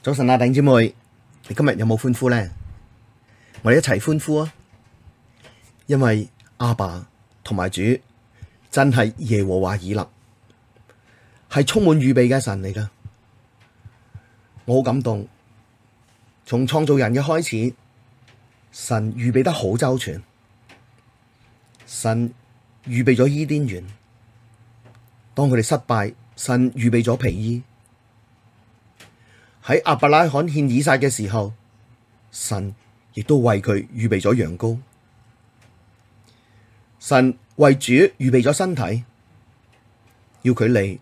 早晨啊，弟兄姊妹，你今日有冇歡呼呢？我哋一齊歡呼啊！因為阿爸同埋主真係耶和華以勒，係充滿預備嘅神嚟噶。我好感動，從創造人嘅開始，神預備得好周全。神預備咗伊甸園，當佢哋失敗，神預備咗皮衣。喺亞伯拉罕獻以撒嘅時候，神亦都為佢預備咗羊羔。神為主預備咗身體，要佢嚟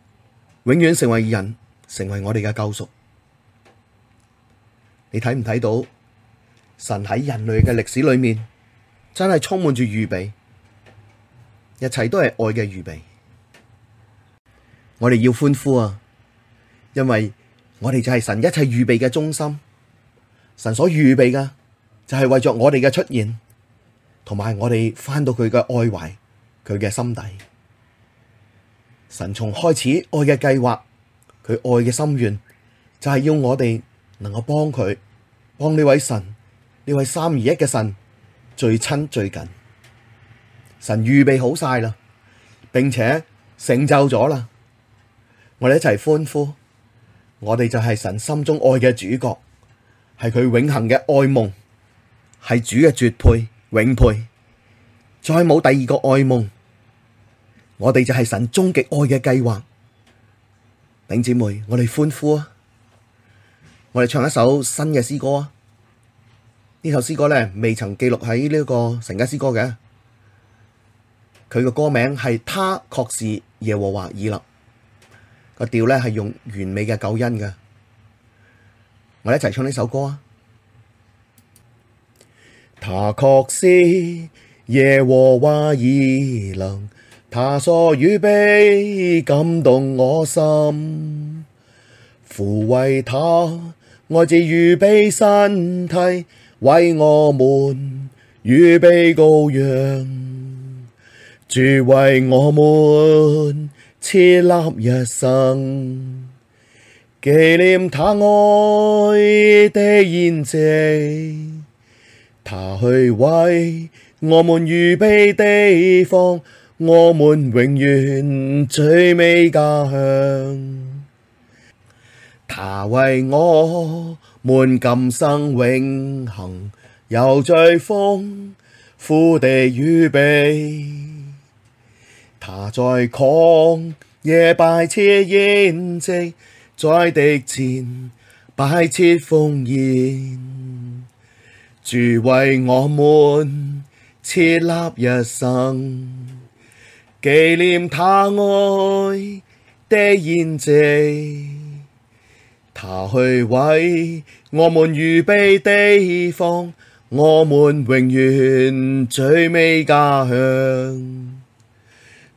永遠成為人，成為我哋嘅救贖。你睇唔睇到？神喺人類嘅歷史裏面，真係充滿住預備，一切都係愛嘅預備。我哋要歡呼啊！因為我哋就係神一切預備嘅中心，神所預備嘅就係為咗我哋嘅出現，同埋我哋返到佢嘅愛懷，佢嘅心底。神從開始愛嘅計劃，佢愛嘅心願，就係、是、要我哋能夠幫佢，幫呢位神，呢位三而一嘅神最親最近。神預備好晒啦，並且成就咗啦，我哋一齊歡呼！我哋就係神心中愛嘅主角，係佢永恒嘅愛夢，係主嘅絕配永配，再冇第二個愛夢。我哋就係神終極愛嘅計劃，頂姐妹，我哋歡呼啊！我哋唱一首新嘅詩歌啊！呢首詩歌咧未曾記錄喺呢一個神家詩歌嘅，佢嘅歌名係他確是耶和華以勒。個調咧係用完美嘅救恩嘅，我哋一齊唱呢首歌啊！祂確是耶和華以勒，祂所預備感動我心，父為祂愛子預備身體，為我們預備羔羊，主為我們。設立一生紀念他愛的筵席，他去為我們預備地方，我們永遠最美家鄉。他為我們今生永恒，有最豐富的預備。他在曠野擺設筵席，在敵前擺設豐筵，主為我們設立一生紀念他愛的筵席，他去為我們預備地方，我們永遠最美家鄉。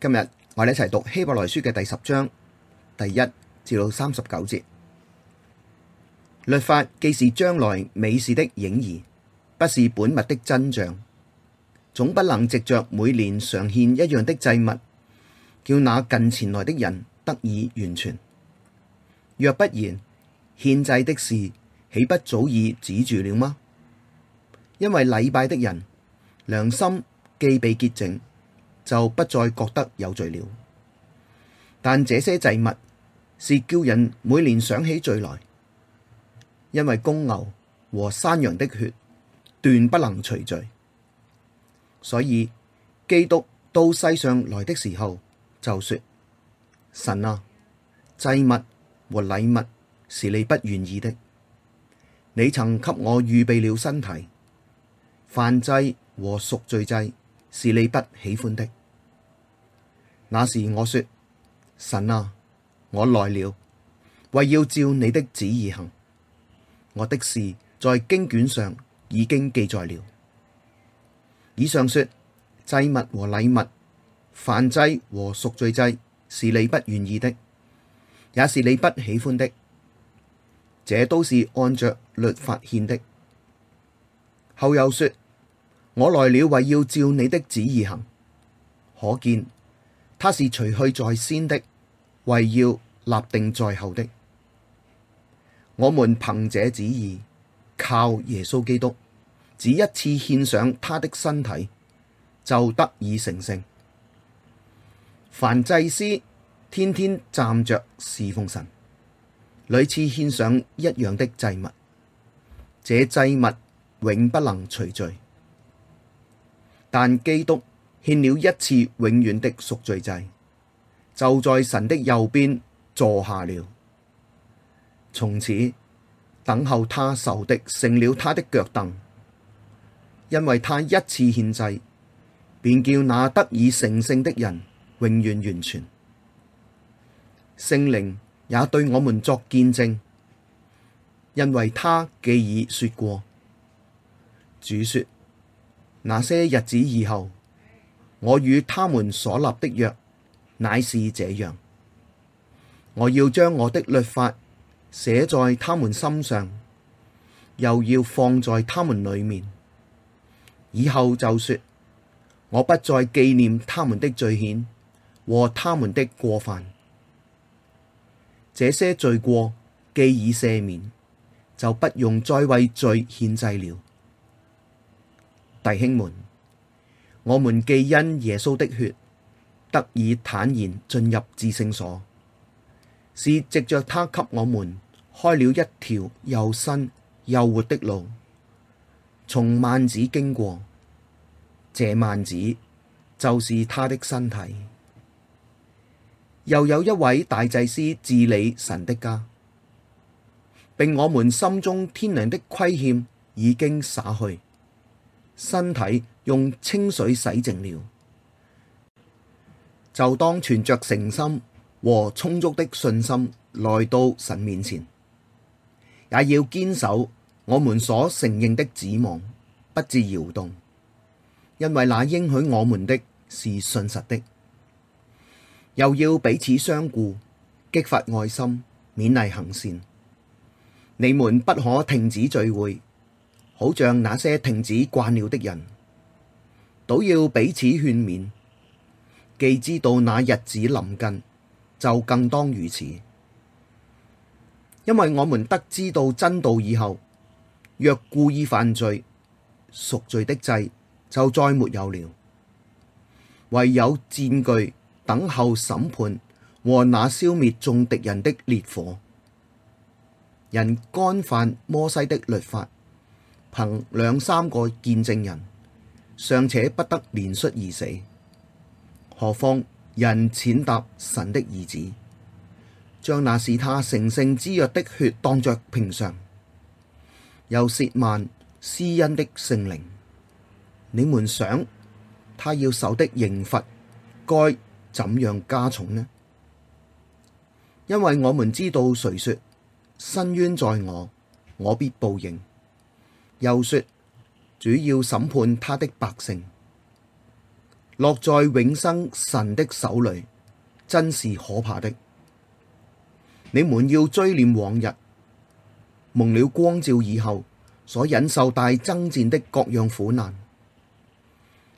今日我哋一齊讀希伯來書嘅第十章第一至到三十九節。律法既是將來美事的影兒，不是本物的真像，總不能藉着每年常獻一樣的祭物，叫那近前來的人得以完全。若不然，獻祭的事豈不早已止住了嗎？因為禮拜的人良心既被潔淨。就不再覺得有罪了，但這些祭物是叫人每年想起罪來，因為公牛和山羊的血斷不能除罪，所以基督到世上來的時候就說：神啊，祭物和禮物是你不願意的，你曾給我預備了身體，燔祭和贖罪祭是你不喜歡的。那時我說，神啊，我來了，為要照你的旨意行。我的事在經卷上已經記載了。以上說，祭物和禮物，燔祭和贖罪祭，是你不願意的，也是你不喜歡的，這都是按著律法獻的。後又說，我來了，為要照你的旨意行。可見。他是除去在先的，為要立定在後的。我們憑這旨意，靠耶穌基督，只一次獻上他的身體，就得以成聖。凡祭司天天站着事奉神，屢次獻上一樣的祭物，這祭物永不能除罪。但基督。獻了一次永遠的贖罪祭，就在神的右邊坐下了。從此等候他仇敵成了他的腳凳，因為他一次獻祭，便叫那得以成聖的人永遠完全。聖靈也對我們作見證，因為祂既已說過，主說那些日子以後。我與他們所立的約，乃是這樣。我要將我的律法寫在他們心上，又要放在他們裡面。以後就說，我不再紀念他們的罪愆和他們的過犯，這些罪過既已赦免，就不用再為罪獻祭了，弟兄們。我們既因耶穌的血得以坦然進入至聖所，是藉着他給我們開了一條又新又活的路，從幔子經過。這幔子就是他的身體。又有一位大祭司治理神的家，並我們心中天良的虧欠已經灑去，身體。用清水洗淨了，就當存着誠心和充足的信心來到神面前，也要堅守我們所承認的指望，不致搖動，因為那應許我們的是信實的。又要彼此相顧，激發愛心，勉勵行善。你們不可停止聚會，好像那些停止慣了的人。都要彼此勸勉，既知道那日子臨近，就更當如此。因為我們得知到真道以後，若故意犯罪，贖罪的祭就再沒有了，唯有戰懼等候審判和那消滅眾敵人的烈火。人干犯摩西的律法，憑兩三個見證人。尚且不得憐恤而死，何況人踐踏神的兒子，將那使他成聖之約的血當作平常，又褻慢施恩的聖靈。你們想他要受的刑罰該怎樣加重呢？因為我們知道誰說：伸冤在我，我必報應。又說，主要審判他的百姓，落在永生神的手裡，真是可怕的。你們要追念往日，蒙了光照以後所忍受大爭戰的各樣苦難，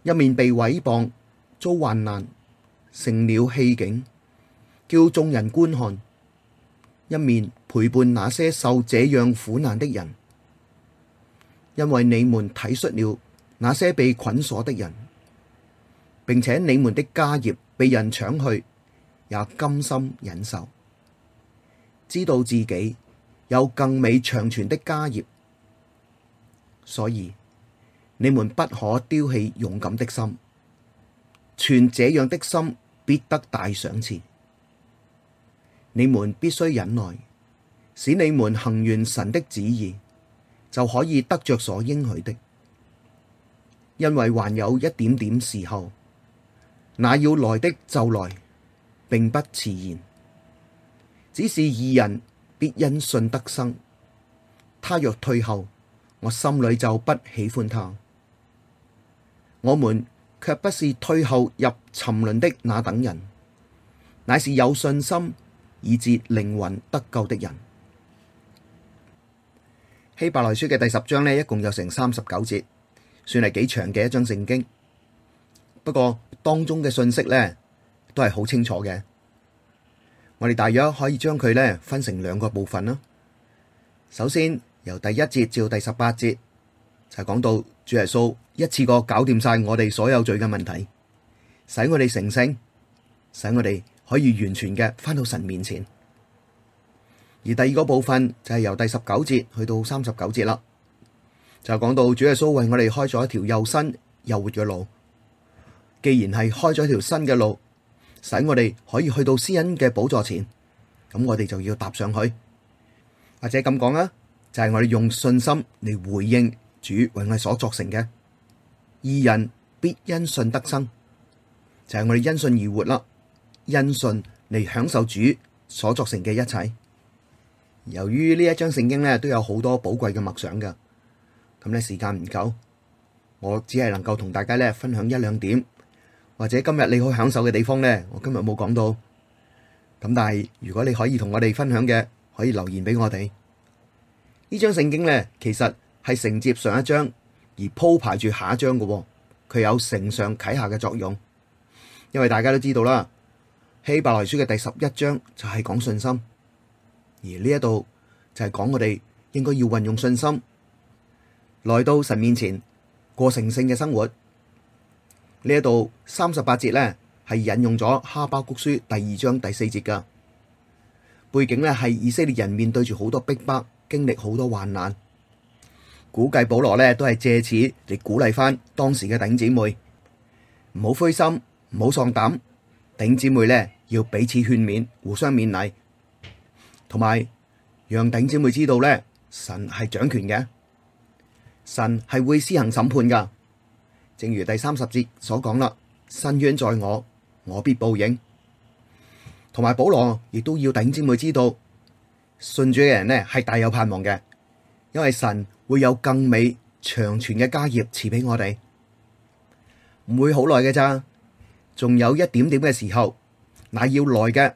一面被毀謗、遭患難，成了戲景，叫眾人觀看；一面陪伴那些受這樣苦難的人。因為你們體恤了那些被捆鎖的人，並且你們的家業被人搶去，也甘心忍受，知道自己有更美長存的家業，所以你們不可丟棄勇敢的心。存這樣的心，必得大賞賜。你們必須忍耐，使你們行完神的旨意，就可以得着所應許的，因為還有一點點時候，那要來的就來，並不遲延。只是義人必因信得生，他若退後，我心裏就不喜歡他。我們卻不是退後入沉淪的那等人，乃是有信心以致靈魂得救的人。希伯來書嘅第十章呢，一共有成三十九節，算係幾長嘅一章聖經。不過當中嘅信息呢，都係好清楚嘅。我哋大約可以將佢呢分成兩個部分啦。首先由第一節至第十八節，就是、講到主耶穌一次過搞掂晒我哋所有罪嘅問題，使我哋成聖，使我哋可以完全嘅返到神面前。而第二個部分就係由第十九節去到三十九節啦，就講到主耶穌為我哋開咗一條又新又活嘅路。既然係開咗一條新嘅路，使我哋可以去到施恩嘅寶座前，咁我哋就要踏上去，或者咁講啊，就係、是、我哋用信心嚟回應主為我哋所作成嘅。義人必因信得生，就係、是、我哋因信而活啦，因信嚟享受主所作成嘅一切。由於呢一章聖經咧，都有好多寶貴嘅默想嘅，咁咧時間唔夠，我只係能夠同大家咧分享一兩點，或者今日你可以享受嘅地方咧，我今日冇講到。咁但係如果你可以同我哋分享嘅，可以留言俾我哋。呢章聖經咧其實係承接上一章而鋪排住下一章嘅，佢有承上啟下嘅作用。因為大家都知道啦，《希伯來書》嘅第十一章就係講信心。而呢一度就係講我哋應該要運用信心，來到神面前過成聖嘅生活。呢一度三十八節呢，係引用咗哈巴谷書第二章第四節嘅。背景呢，係以色列人面對住好多逼迫，迫，經歷好多患難。估計保羅呢，都係借此嚟鼓勵翻當時嘅頂姊妹，唔好灰心，唔好喪膽。頂姊妹呢，要彼此勸勉，互相勉勵。同埋，讓弟姐妹知道咧，神係掌權嘅，神係會施行審判噶。正如第三十節所講啦，伸冤在我，我必報應。同埋保羅亦都要弟姐妹知道，信主嘅人呢係大有盼望嘅，因為神會有更美長存嘅家業賜俾我哋，唔會好耐嘅咋，仲有一點點嘅時候，乃要來嘅，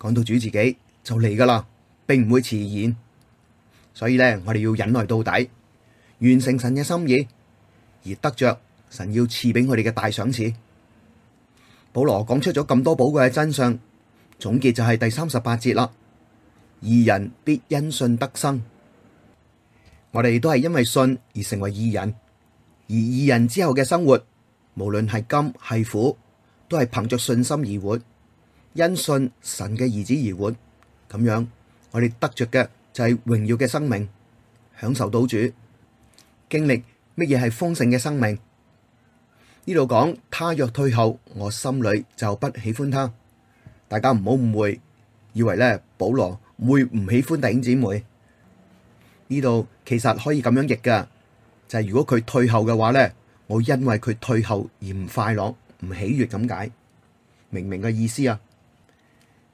講到主自己就嚟噶啦。並唔會遲延，所以咧，我哋要忍耐到底，完成神嘅心意，而得着神要賜俾我哋嘅大賞賜。保羅講出咗咁多寶貴嘅真相，總結就係第三十八節啦。義人必因信得生，我哋都係因為信而成為義人，而義人之後嘅生活，無論係甘係苦，都係憑着信心而活，因信神嘅兒子而活，咁樣。我哋得着嘅就係榮耀嘅生命，享受到主，經歷乜嘢係豐盛嘅生命？呢度講，他若退後，我心裡就不喜歡他。大家唔好誤會，以為咧，保羅會唔喜歡弟兄姊妹。呢度其實可以咁樣譯㗎，就係如果佢退後嘅話咧，我因為佢退後而唔快樂、唔喜悅咁解，明唔明個意思啊？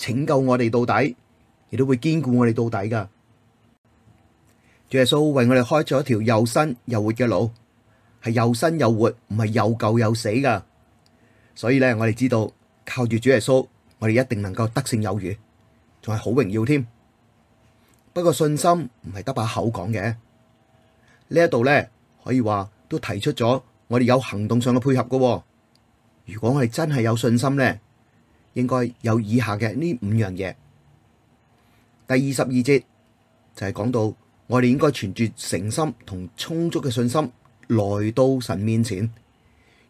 拯救我哋到底，亦都會堅固我哋到底噶。主耶穌為我哋開咗一條又新又活嘅路，係又新又活，唔係又舊又死噶。所以咧，我哋知道靠住主耶穌，我哋一定能夠得勝有餘，仲係好榮耀添。不過信心唔係得把口講嘅，呢一度咧可以話都提出咗我哋有行動上嘅配合噶。如果我哋真係有信心咧，應該有以下嘅呢五樣嘢。第二十二節就係講到我哋應該存住誠心同充足嘅信心來到神面前。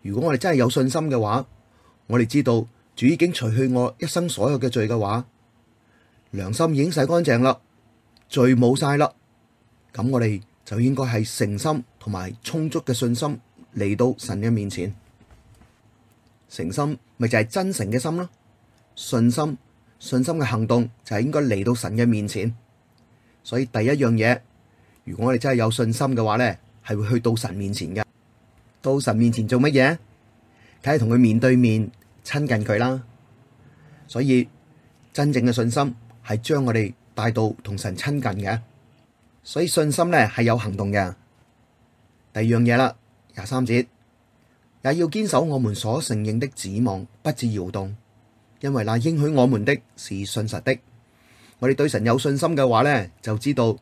如果我哋真係有信心嘅話，我哋知道主已經除去我一生所有嘅罪嘅話，良心已經洗乾淨啦，罪冇晒啦。咁我哋就應該係誠心同埋充足嘅信心嚟到神嘅面前。誠心咪就係真誠嘅心咯。信心，信心嘅行動就係應該嚟到神嘅面前，所以第一樣嘢，如果我哋真係有信心嘅話咧，係會去到神面前噶。到神面前做乜嘢？睇下同佢面對面親近佢啦。所以真正嘅信心係將我哋帶到同神親近嘅。所以信心咧，係有行動嘅。第二樣嘢啦，廿三節，也要堅守我們所承認的指望，不至搖動。因為那應許我們的是信實的，我哋對神有信心嘅話呢，就知道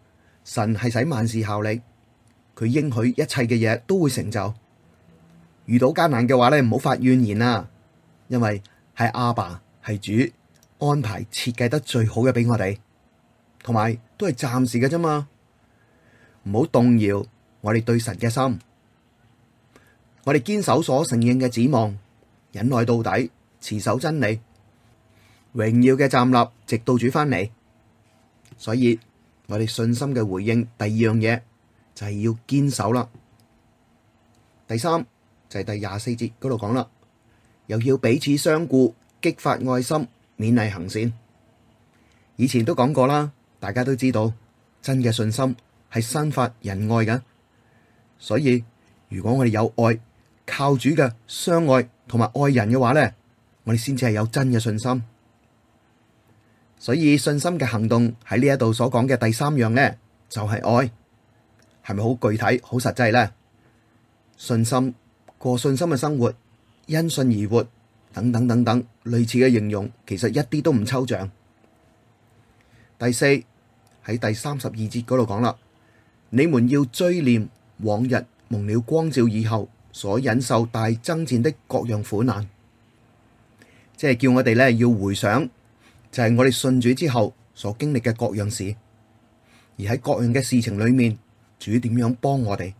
神係使萬事效力，佢應許一切嘅嘢都會成就。遇到艱難嘅話呢，唔好發怨言啊！因為係阿爸係主安排設計得最好嘅俾我哋，同埋都係暫時嘅啫嘛，唔好動搖我哋對神嘅心，我哋堅守所承認嘅指望，忍耐到底，持守真理。榮耀嘅站立，直到主翻嚟。所以我哋信心嘅回應，第二樣嘢就係要堅守啦。第三就係第廿四節嗰度講啦，又要彼此相顧，激發愛心，勉勵行善。以前都講過啦，大家都知道真嘅信心係生發仁愛嘅。所以如果我哋有愛靠主嘅相愛同埋愛人嘅話咧，我哋先至係有真嘅信心。所以信心嘅行動喺呢一度所講嘅第三樣呢，就係愛，係咪好具體好實際呢？信心過信心嘅生活，因信而活，等等等等，類似嘅形容，其實一啲都唔抽象。第四，喺第三十二節嗰度講啦，你們要追念往日蒙了光照以後所忍受大爭戰的各樣苦難，即係叫我哋呢要回想。就係我哋信主之後所經歷嘅各樣事，而喺各樣嘅事情裏面，主點樣幫我哋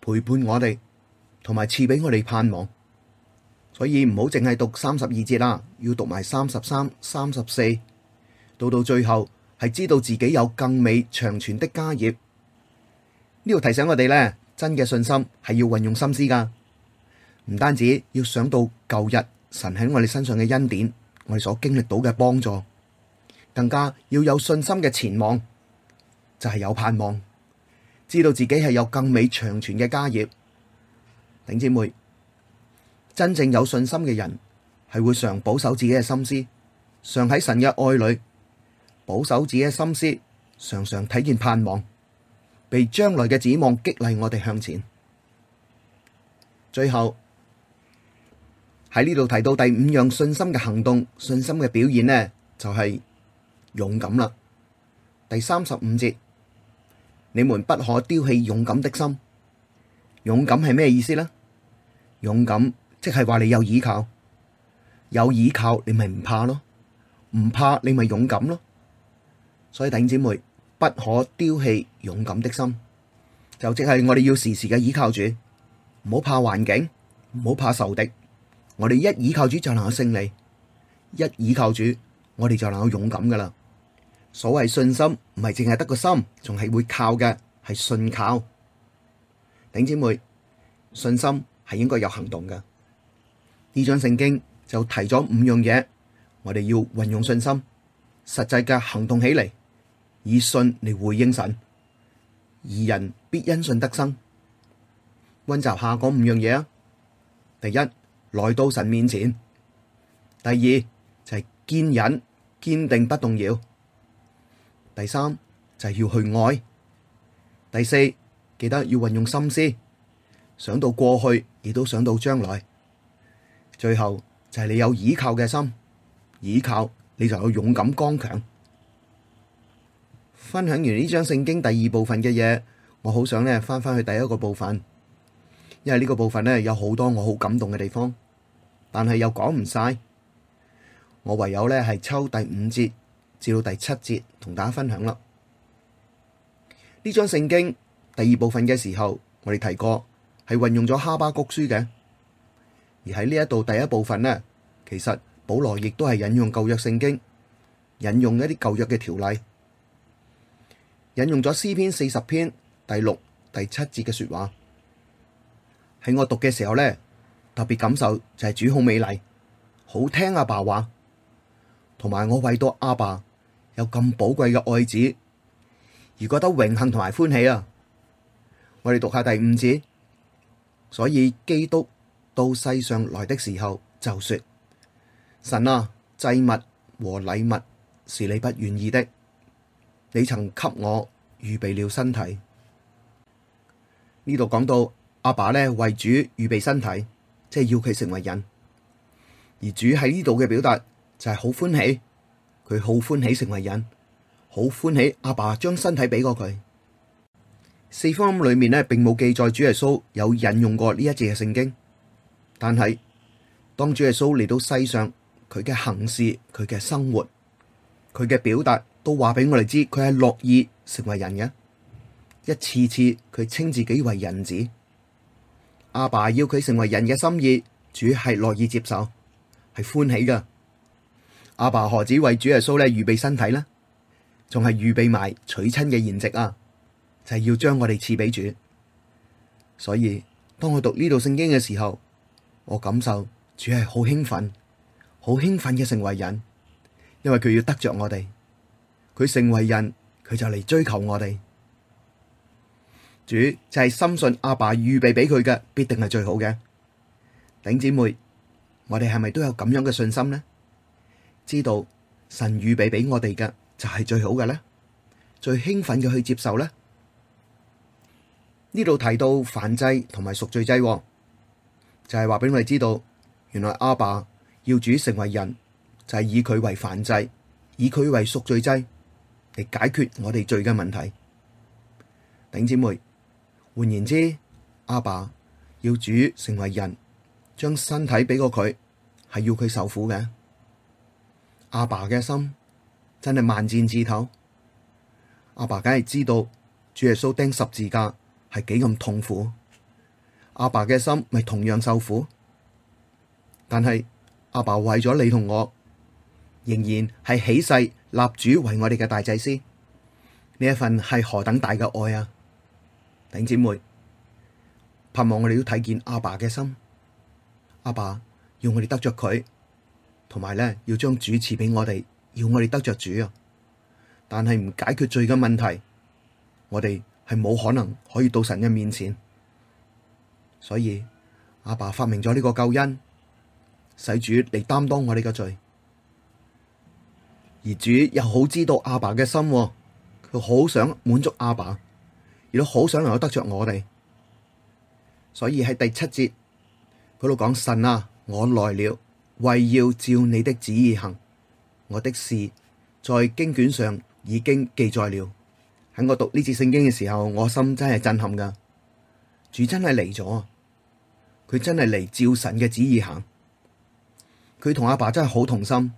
陪伴我哋，同埋賜俾我哋盼望。所以唔好淨係讀三十二節啦，要讀埋三十三、三十四，到到最後係知道自己有更美長存的家業。呢度提醒我哋咧，真嘅信心係要運用心思㗎，唔單止要想到舊日神喺我哋身上嘅恩典。我哋所經歷到嘅幫助，更加要有信心嘅前望，就係有盼望，知道自己係有更美長存嘅家業。弟兄姊妹，真正有信心嘅人，係會常保守自己嘅心思，常喺神嘅愛裏保守自己嘅心思，常常體現盼望，被將來嘅指望激勵我哋向前。最後。喺呢度提到第五樣信心嘅行動，信心嘅表現呢，就係、是、勇敢啦。第三十五節，你們不可丟棄勇敢的心。勇敢係咩意思呢？勇敢即係話你有依靠，有依靠你咪唔怕咯，唔怕你咪勇敢咯。所以弟兄姊妹不可丟棄勇敢的心，就即係我哋要時時嘅依靠住，唔好怕環境，唔好怕仇敵。我哋一倚靠主就能夠勝利，一倚靠主，我哋就能夠勇敢噶啦。所謂信心唔係淨係得個心，仲係會靠嘅，係信靠。頂姐妹信心係應該有行動嘅。呢章聖經就提咗五樣嘢，我哋要運用信心，實際嘅行動起嚟，以信嚟回應神。義人必因信得生。温習下嗰五樣嘢啊，第一。來到神面前，第二就係、是、堅忍、堅定不動搖；第三就係、是、要去愛；第四記得要運用心思，想到過去亦都想到將來。最後就係、是、你有依靠嘅心，依靠你就有勇敢剛強。分享完呢張聖經第二部分嘅嘢，我好想咧返返去第一個部分，因為呢個部分咧有好多我好感動嘅地方。但係又講唔晒，我唯有呢係抽第五節至到第七節同大家分享啦。呢張聖經第二部分嘅時候，我哋提過係運用咗哈巴谷書嘅，而喺呢一度第一部分呢，其實保羅亦都係引用舊約聖經，引用一啲舊約嘅條例，引用咗詩篇四十篇第六、第七節嘅說話。喺我讀嘅時候呢。特別感受就係主好美麗，好聽阿爸話，同埋我為到阿爸有咁寶貴嘅愛子，而覺得榮幸同埋歡喜啊！我哋讀下第五節，所以基督到世上來的時候就說：神啊，祭物和禮物是你不願意的，你曾給我預備了身體。呢度講到阿爸呢為主預備身體。即係要佢成為人，而主喺呢度嘅表達就係好歡喜，佢好歡喜成為人，好歡喜阿爸，爸將身體俾過佢。四福音裏面呢，並冇記載主耶穌有引用過呢一節嘅聖經，但係當主耶穌嚟到世上，佢嘅行事、佢嘅生活、佢嘅表達都，都話俾我哋知佢係樂意成為人嘅。一次次佢稱自己為人子。阿爸要佢成為人嘅心意，主係樂意接受，係歡喜噶。阿爸何止為主耶穌咧預備身體啦，仲係預備埋娶親嘅筵席啊！就係、是、要將我哋賜俾主。所以當我讀呢度聖經嘅時候，我感受主係好興奮，好興奮嘅成為人，因為佢要得着我哋，佢成為人，佢就嚟追求我哋。主就係深信阿爸預備俾佢嘅，必定係最好嘅。頂姐妹，我哋係咪都有咁樣嘅信心呢？知道神預備俾我哋嘅就係最好嘅咧，最興奮嘅去接受咧。呢度提到燔祭同埋贖罪祭，就係話俾我哋知道，原來阿爸要主成為人，就係以佢為燔祭，以佢為贖罪祭，嚟解決我哋罪嘅問題。頂姐妹。換言之，阿爸要主成為人，將身體俾過佢，係要佢受苦嘅。阿爸嘅心真係萬箭自頭。阿爸梗係知道主耶穌釘十字架係幾咁痛苦，阿爸嘅心咪同樣受苦。但係阿爸為咗你同我，仍然係起誓立主為我哋嘅大祭司，呢一份係何等大嘅愛啊！弟姐妹，盼望我哋都睇見阿爸嘅心，阿爸要我哋得着佢，同埋咧要將主賜俾我哋，要我哋得着主啊！但係唔解決罪嘅問題，我哋係冇可能可以到神嘅面前。所以阿爸發明咗呢個救恩，使主嚟擔當我哋嘅罪，而主又好知道阿爸嘅心，佢好想滿足阿爸。佢好想能夠得着我哋，所以喺第七節，佢度講，神啊，我來了，為要照你的旨意行。我的事在經卷上已經記載了。喺我讀呢次聖經嘅時候，我心真係震撼噶。主真係嚟咗，佢真係嚟照神嘅旨意行。佢同阿爸真係好同心。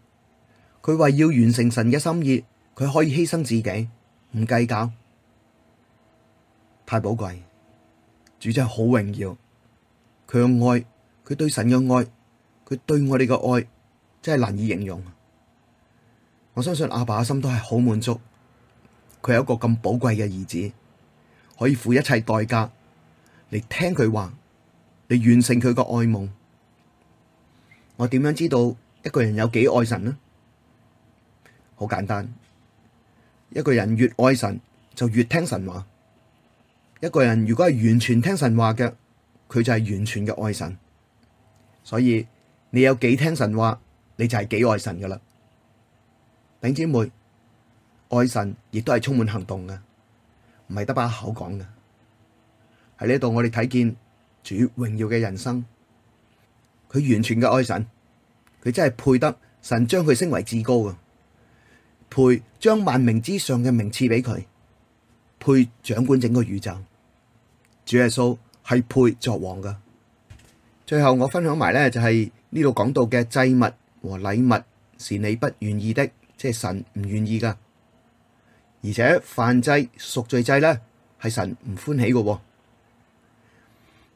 佢為要完成神嘅心意，佢可以犧牲自己，唔計較。太寶貴，主真係好榮耀佢嘅愛，佢對神嘅愛，佢對我哋嘅愛真係難以形容。我相信阿爸嘅心都係好滿足，佢有一個咁寶貴嘅兒子，可以付一切代價嚟聽佢話，嚟完成佢個愛夢。我點樣知道一個人有幾愛神呢？好簡單，一個人越愛神，就越聽神話。一個人如果係完全聽神話嘅，佢就係完全嘅愛神。所以你有幾聽神話，你就係幾愛神噶啦。弟兄姊妹，愛神亦都係充滿行動噶，唔係得把口講噶。喺呢度，我哋睇見主榮耀嘅人生，佢完全嘅愛神，佢真係配得神將佢升為至高啊！配將萬名之上嘅名賜俾佢。配掌管整個宇宙，主耶穌係配作王噶。最後我分享埋咧，就係呢度講到嘅祭物和禮物是你不願意的，即係神唔願意噶。而且燔祭贖罪祭咧係神唔歡喜嘅。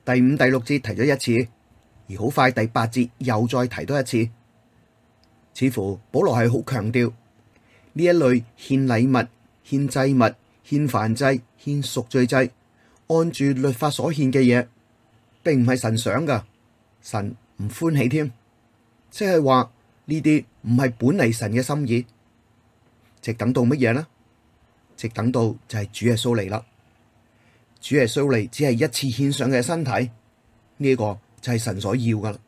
第五、第六節提咗一次，而好快第八節又再提多一次，似乎保羅係好強調呢一類獻禮物、獻祭物。獻犯祭、獻贖罪祭，按住律法所獻嘅嘢，並唔係神想噶，神唔歡喜添，即係話呢啲唔係本嚟神嘅心意。直等到乜嘢呢？直等到就係主耶穌嚟啦。主耶穌嚟，只係一次獻上嘅身體，呢、這個就係神所要噶啦。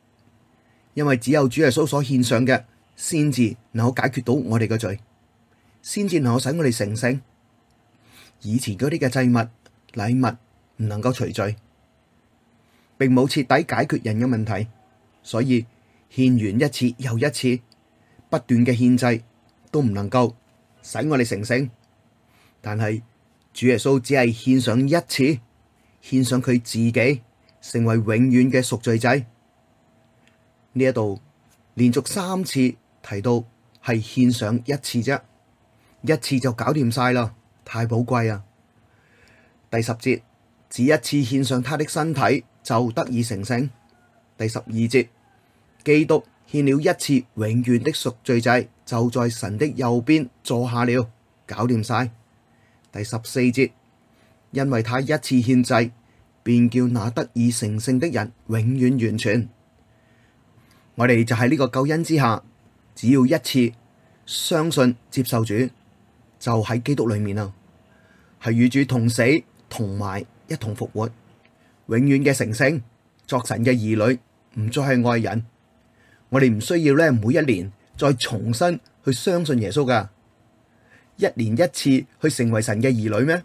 因為只有主耶穌所獻上嘅，先至能夠解決到我哋嘅罪，先至能夠使我哋成聖。以前嗰啲嘅祭物、禮物唔能夠除罪，並冇徹底解決人嘅問題，所以獻完一次又一次，不斷嘅獻祭都唔能夠使我哋成聖。但係主耶穌只係獻上一次，獻上佢自己，成為永遠嘅贖罪祭。呢一度連續三次提到係獻上一次啫，一次就搞掂晒啦。太寶貴啊！第十節，只一次獻上他的身體，就得以成聖。第十二節，基督獻了一次永遠的贖罪祭，就在神的右邊坐下了，搞掂晒。第十四節，因為他一次獻祭，便叫那得以成聖的人永遠完全。我哋就喺呢個救恩之下，只要一次相信接受主。就喺基督裏面啊，係與主同死，同埋一同復活，永遠嘅成聖，作神嘅兒女，唔再係外人。我哋唔需要咧，每一年再重新去相信耶穌㗎，一年一次去成為神嘅兒女咩？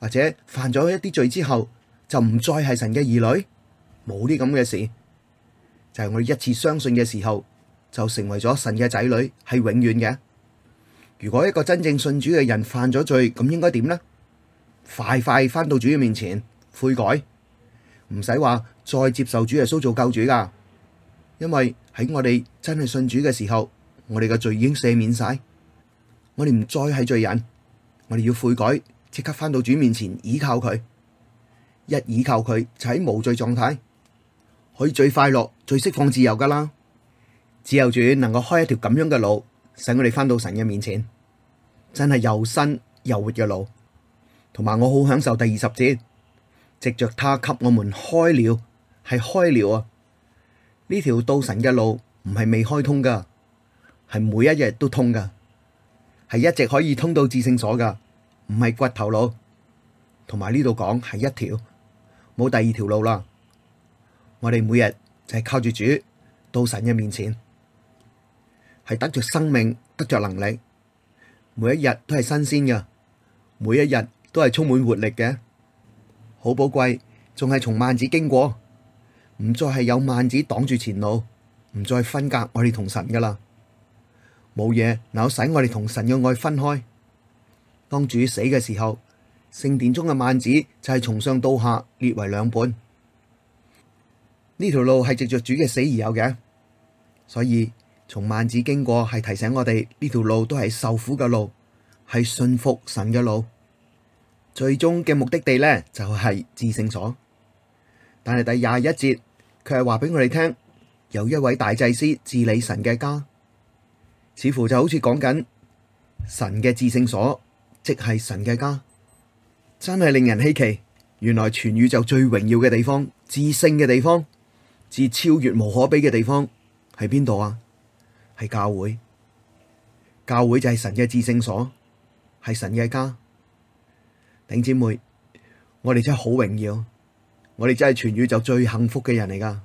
或者犯咗一啲罪之後就唔再係神嘅兒女？冇啲咁嘅事，就係、是、我哋一次相信嘅時候就成為咗神嘅仔女，係永遠嘅。如果一個真正信主嘅人犯咗罪，咁應該點呢？快快翻到主嘅面前悔改，唔使話再接受主耶穌做救主噶。因為喺我哋真係信主嘅時候，我哋嘅罪已經赦免晒，我哋唔再係罪人，我哋要悔改，即刻翻到主面前倚靠佢。一倚靠佢就喺無罪狀態，佢最快樂、最釋放自由噶啦。自由主能夠開一條咁樣嘅路。使我哋返到神嘅面前，真係又新又活嘅路，同埋我好享受第二十節，藉着他給我們開了，係開了啊！呢條到神嘅路唔係未開通噶，係每一日都通噶，係一直可以通到至聖所噶，唔係掘頭路，同埋呢度講係一條，冇第二條路啦。我哋每日就係靠住主到神嘅面前。係得著生命，得著能力，每一日都係新鮮嘅，每一日都係充滿活力嘅，好寶貴。仲係從幔子經過，唔再係有幔子擋住前路，唔再分隔我哋同神㗎喇。冇嘢能使我哋同神嘅愛分開。當主死嘅時候，聖殿中嘅幔子就係從上到下裂為兩半。呢條路係藉著主嘅死而有嘅，所以。從幔子經過，係提醒我哋呢條路都係受苦嘅路，係信服神嘅路。最終嘅目的地呢，就係至聖所。但係第廿一節佢係話俾我哋聽，有一位大祭司治理神嘅家，似乎就好似講緊神嘅至聖所，即係神嘅家。真係令人希奇，原來全宇宙最榮耀嘅地方、至聖嘅地方、至超越無可比嘅地方喺邊度啊！係教會，教會就係神嘅至聖所，係神嘅家。頂姊妹，我哋真係好榮耀，我哋真係全宇宙最幸福嘅人嚟㗎。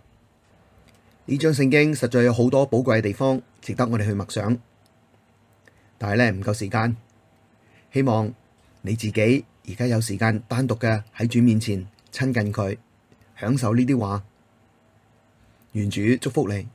呢章聖經實在有好多寶貴嘅地方，值得我哋去默想。但係咧唔夠時間，希望你自己而家有時間單獨嘅喺主面前親近佢，享受呢啲話。願主祝福你。